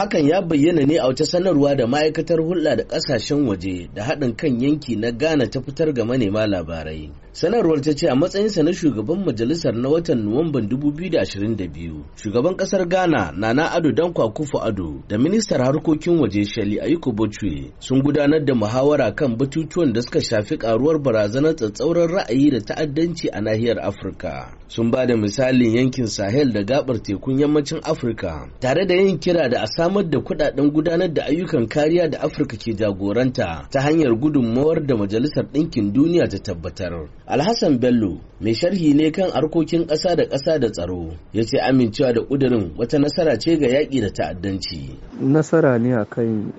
Hakan ya bayyana ne a wata sanarwa da ma'aikatar hulɗa da ƙasashen waje da haɗin kan yanki na Ghana ta fitar ga manema labarai. Sanarwar ta ce a matsayinsa na shugaban majalisar na watan Nuwamban 2022, shugaban ƙasar Ghana na Ado Dankwa kwakufu Ado da ministar harkokin waje Shali Ayiko Bocue sun gudanar da muhawara kan batutuwan da suka shafi ƙaruwar barazanar tsatsauran ra'ayi da ta'addanci a nahiyar Afirka. Sun ba da misalin yankin Sahel da gaɓar tekun yammacin Afirka tare da yin kira da a samar da kudaden gudanar da ayyukan kariya da Afirka ke jagoranta ta hanyar gudunmawar da Majalisar Ɗinkin Duniya ta tabbatar. Alhassan Bello mai sharhi ne kan harkokin ƙasa da ƙasa da tsaro ya ce amincewa da ƙudurin wata nasara ce ga yaƙi da ta'addanci nasara ne a kan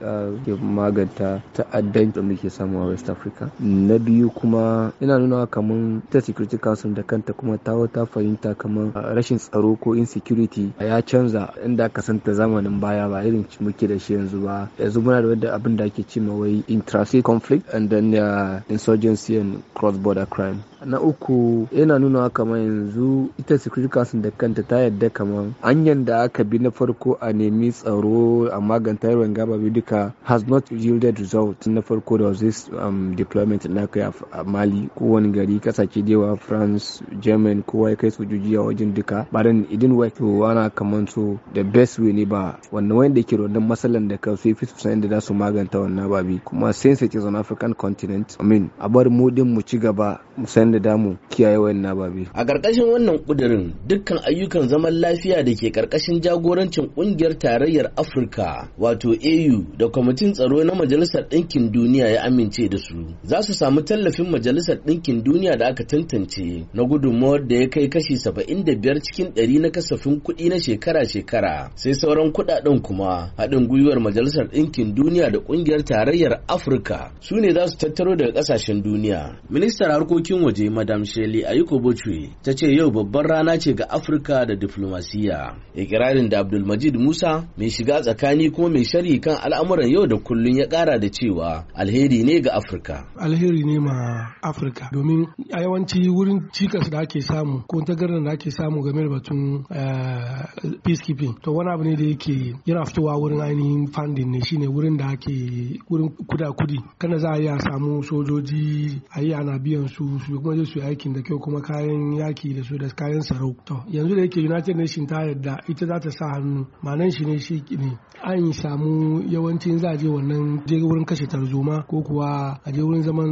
maganta ta'addanci da muke samu a west africa na biyu kuma ina nuna kamar ta security council da kanta kuma ta ta fahimta kamar rashin tsaro ko insecurity ya canza inda aka san ta zamanin baya ba irin muke da shi yanzu ba yanzu muna da wanda abin da ake ma wai intrastate conflict and then uh, insurgency and cross border crime na uku yana nuna kamar yanzu ita security council da kanta ta yadda kamar hanyar da aka bi na farko a nemi tsaro a maganta yawan gaba duka has not yielded result na farko da this um, deployment na kai a mali ko wani gari kasashe dewa france german kowa ya kai sojoji a wajen duka ba dan idin wato ana kaman so the best way ne ba wannan da ke rundun matsalan da kansu ya fito sanin da za su maganta wannan babi kuma since it is an african continent i mean a bar mu mu ci gaba mu san da damu kiyaye wayan A ƙarƙashin wannan ƙudurin dukkan ayyukan zaman lafiya da ke ƙarƙashin jagorancin ƙungiyar tarayyar Afirka wato AU da kwamitin tsaro na Majalisar Ɗinkin Duniya ya amince da su. Za su samu tallafin Majalisar Ɗinkin Duniya da aka tantance na gudunmawar da ya kai kashi saba'in da biyar cikin ɗari na kasafin kuɗi na shekara-shekara sai sauran kuɗaɗen kuma haɗin gwiwar Majalisar Ɗinkin Duniya da ƙungiyar tarayyar Afirka su ne za su tattaro daga ƙasashen duniya. Ministan harkokin waje waje madam sheli ayiko bocci ta ce yau babbar rana ce ga afirka da diflomasiyya ikirarin da abdulmajid musa mai shiga tsakani kuma mai sharhi kan al'amuran yau da kullun ya kara da cewa alheri ne ga afirka alheri ne ma afirka domin a yawanci wurin cikas da ake samu ko tagarda da ake samu game da batun eh, peacekeeping to wani abu ne da yake yana fitowa wurin ainihin funding ne shine wurin da ake wurin kuda kudi kana za a yi a samu sojoji a yi ana biyan su su waje su aikin da kyau kuma kayan yaki da su da kayan sarau yanzu da yake united nation ta yadda ita za ta sa hannu manan shi ne shi ne an samu yawancin za a je wannan je wurin kashe tarzoma ko kuwa a je wurin zaman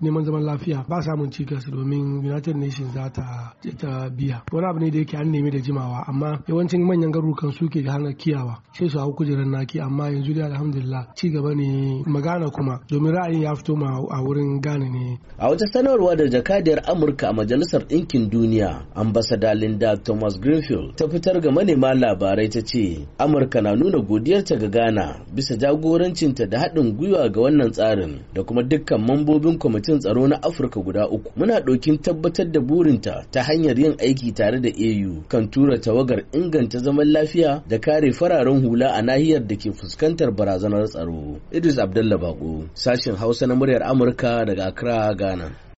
neman zaman lafiya ba samun cikas domin united Nation za ta ta biya wani abu ne da yake an nemi da jimawa amma yawancin manyan garurukan su ke hana kiyawa sai su hau kujerar naki amma yanzu dai alhamdulillah ci gaba ne magana kuma domin ra'ayin ya fito ma a wurin gane ne a wata sanarwa da jaka Jaridar Amurka a Majalisar Ɗinkin Duniya, ambasada Linda Thomas Greenfield ta fitar ga manema labarai ta ce, Amurka na nuna godiyarta ga Ghana bisa jagorancinta da haɗin gwiwa ga wannan tsarin da kuma dukkan mambobin kwamitin tsaro na Afirka guda uku. Muna ɗokin tabbatar da burinta ta hanyar yin aiki tare da AU kan tura tawagar inganta zaman lafiya da kare fararen hula a nahiyar da ke fuskantar barazanar tsaro. Idris Abdullah Bako, sashen Hausa na muryar Amurka daga Accra, Ghana.